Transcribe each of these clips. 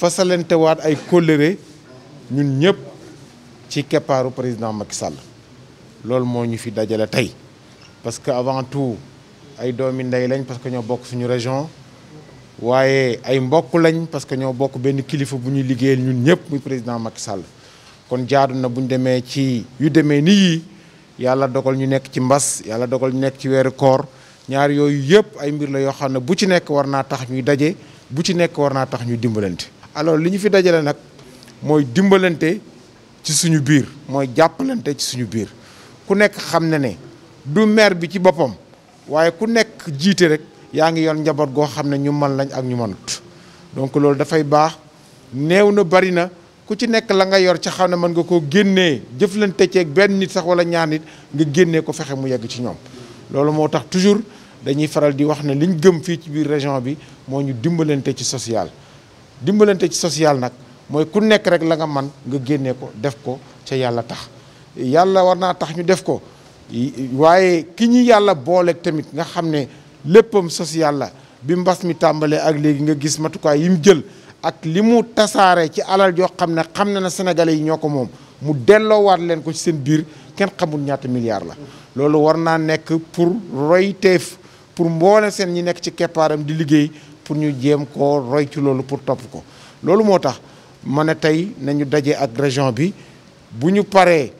fasalantewaat ay kóllëre ñun ñëpp ci keppaaru président Macky Sall loolu moo ñu fi dajale tey parce que avant tout ay doomi ndey lañ parce que ñoo bokk suñu région waaye ay mbokk lañ parce que ñoo bokk benn kilifa bu ñuy liggéeyal ñun ñëpp muy président Macky Sall kon jaadu na bu ñu demee ci yu demee nii yi yàlla dogal ñu nekk ci mbas yàlla dogal ñu nekk ci weeru koor ñaar yooyu yëpp ay mbir la yoo xam ne bu ci nekk war naa tax ñuy daje bu ci nekk war naa tax ñuy dimbalante alors li ñu fi dajale nag mooy dimbalante ci suñu biir mooy jàppalante ci suñu biir ku nekk xam ne ne du maire bi ci boppam waaye ku nekk jiite rek yaa ngi yoon njaboot goo xam ne ñu man lañ ak ñu manut donc loolu dafay baax néew na bari na ku ci nekk la nga yor ci xam ne mën nga koo génnee jëflante ceeg benn nit sax wala ñaan nit nga génnee ko fexe mu yegg ci ñoom loolu moo tax toujours dañuy faral di wax ne liñ gëm fii ci biir région bi moo ñu dimbalante ci social dimbalante ci social nag mooy ku nekk rek la nga man nga génnee ko def ko ca yàlla tax yàlla war naa tax ñu def ko waaye ki ñu yàlla boole tamit nga xam ne léppam social la bi mbas mi tàmbalee ak léegi nga gis matukaay yi mu jël ak li mu tasaare ci alal joo xam ne xam na ne sénégalais yi ñoo ko moom mu delloowaat leen ko ci seen biir kenn xamul ñaata milliards la loolu war naa nekk pour royteef pour mboole seen ñi nekk ci keppaaram di liggéey pour ñu jéem koo roy ci loolu pour topp ko loolu moo tax ma ne tey nañu daje ak région bi bu ñu paree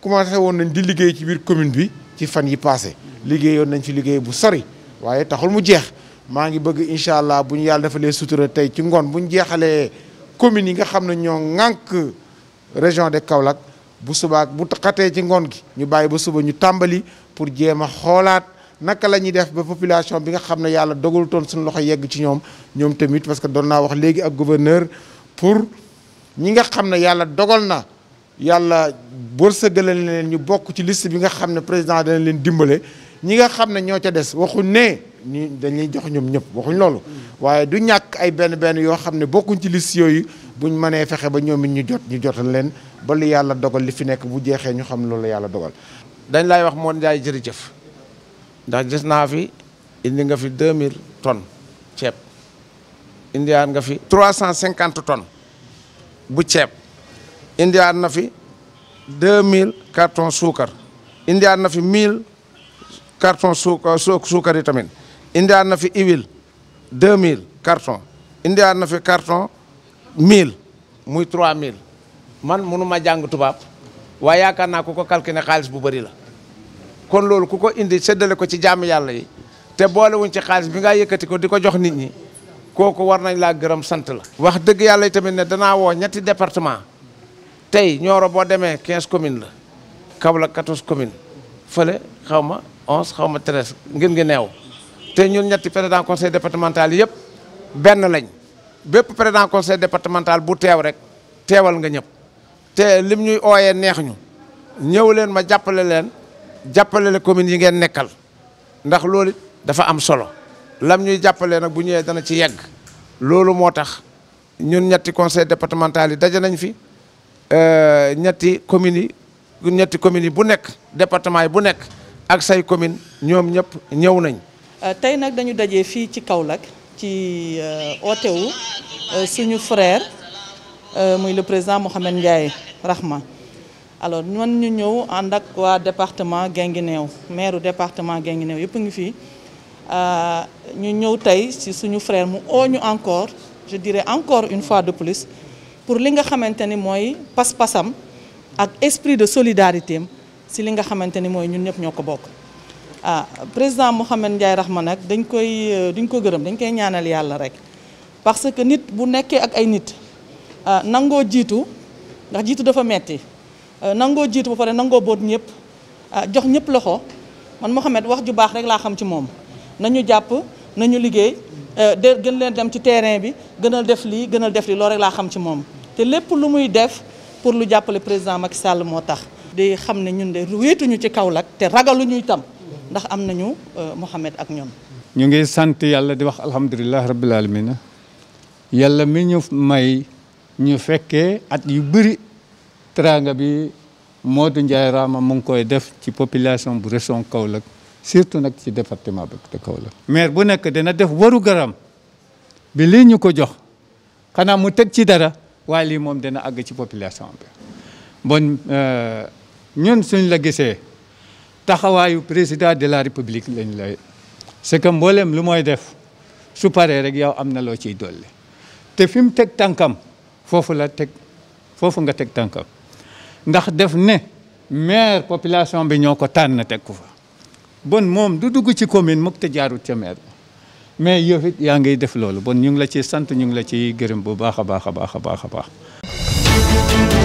commencé woon nañ di liggéey ci biir commune bi ci fan yi passé liggéeyoon nañ ci liggéey bu sori waaye taxul mu jeex maa ngi bëgg incha allah bu ñu yàlla defalee sutura tey ci ngoon bu ñu jeexalee communes yi nga xam ne ñoo ŋànk région de Kaolack bu subaa bu xatee ci ngoon gi ñu bàyyi ba suba ñu tàmbali pour jéem a xoolaat. naka la ñuy def ba population bi nga xam ne yàlla dogal toon suñu loxo yegg ci ñoom ñoom tamit parce que doon naa wax léegi ak gouverneur pour ñi nga xam ne yàlla dogal na yàlla wërsëgale leen ñu bokk ci liste bi nga xam ne président dana leen dimbale ñi nga xam ne ñoo ca des waxuñ ne ñu dañuy jox ñoom ñëpp waxuñ loolu. waaye du ñàkk ay benn benn yoo xam ne bokkuñ ci liste yooyu buñ mënee fexe ba ñoom it ñu jot ñu jotal leen ba li yàlla dogal li fi nekk bu jeexee ñu xam loolu yàlla dogal. dañ lay wax moo jaay jërëjëf. ndax gis na fi indi nga fi 2000 ton ceb indi an nga fi 350 ton bu ceb indi an na fi 2000 carton sucre indi an na fi 1000 carton sucre sucre itamin indi an na fi ivil 2000 carton indi an na fi carton 1000 muy 3000 man munuma jang tubab wa yakarna ko ko kalkine khalis bu beuri la kon loolu ku ko indi séddale ko ci jàmm yàlla yi te boolewuñ ci xaalis bi nga yëkkati ko di ko jox nit ñi kooku war nañ laa gërëm sant la. wax dëgg yàlla yi tamit ne danaa woo ñetti département tey Nioro boo demee quinze communes la Kaolack 14 communes fële xaw ma 11 xaw ma 13 ngeen ngi neew te ñun ñetti président conseil départemental yëpp benn lañ bépp président conseil départemental bu teew rek teewal nga ñëpp te lim ñuy ooyee neex ñu ñëw leen ma jàppale leen. jàppale la communes yi ngeen nekkal ndax loolu dafa am solo lam ñuy jàppalee nag bu ñëwee dana ci yegg loolu moo tax ñun ñetti conseil départemental yi daje nañ fi euh, ñetti communes yi ñetti communes yi bu nekk département yi bu nekk ak say commune ñoom ñëpp ñëw nañ. Euh, tey nag dañu daje fii ci kaw Kaolack ci euh, ootewu suñu frère muy le président Mouhamed Ndiaye Rahma. alors nous ñu ñëw ànd ak département Guinguinéo maire du département Guinguinéo yëpp ngi Nous euh, ñu ñëw tey ci suñu frère mu oo ñu encore je dirais encore une fois de plus pour li nga moi ni mooy pas ak esprit de solidarité Si ci li nga xamante ni mooy ñun ñëpp ñoo ah président Mohamed Ndiaye Rahma nag dañ koy euh, duñ ko gërëm dañ koy ñaanal rek parce que nit bu nekkee ak ay nit euh, nangoo jiitu ndax dafa metti Euh, nangoo jiitu ba pare nangoo boot ñëpp ah, jox ñëpp loxo man Mouhamed wax ju baax rek laa xam ci moom nañu jàpp nañu liggéey euh, de gën leen dem ci terrain bi gënal def lii gënal def lii loolu rek laa xam ci moom te lépp lu muy def pour lu jàppale président Macky Sall moo tax. di xam ne ñun de wéetuñu ci kaw Kaolack te ragaluñu itam ndax am nañu euh, Mouhamed ak ñoom. ñu ngi sant yàlla di wax alhamdulilah rabbil alamin yàlla mi ñu may ñu fekkee at yu bëri. teraanga bi Modou Ndiaye Rama mu ngi koy def ci population bu région Kaolack surtout nag ci département bi de Kaolack. maire bu nekk dina def waru garam bi lii ñu ko jox xanaa mu teg ci dara waaye lii moom dana àgg ci population bi bon euh, ñun suñ la gisee taxawaayu président de la république lañ lay c'est que mboolem lu mooy def su paree rek yow am na loo ciy dolli te fi mu teg tànkam foofu la teg foofu nga teg tànkam. ndax def ne maire population bi ñoo ko tànn teg ko fa bon moom du dugg ci commune mukk te jaarut ca maire mais yow yaa ngay def loolu bon ñu ngi la ci sant ñu ngi la ci gërëm bu baax a baax a baax a baax a baax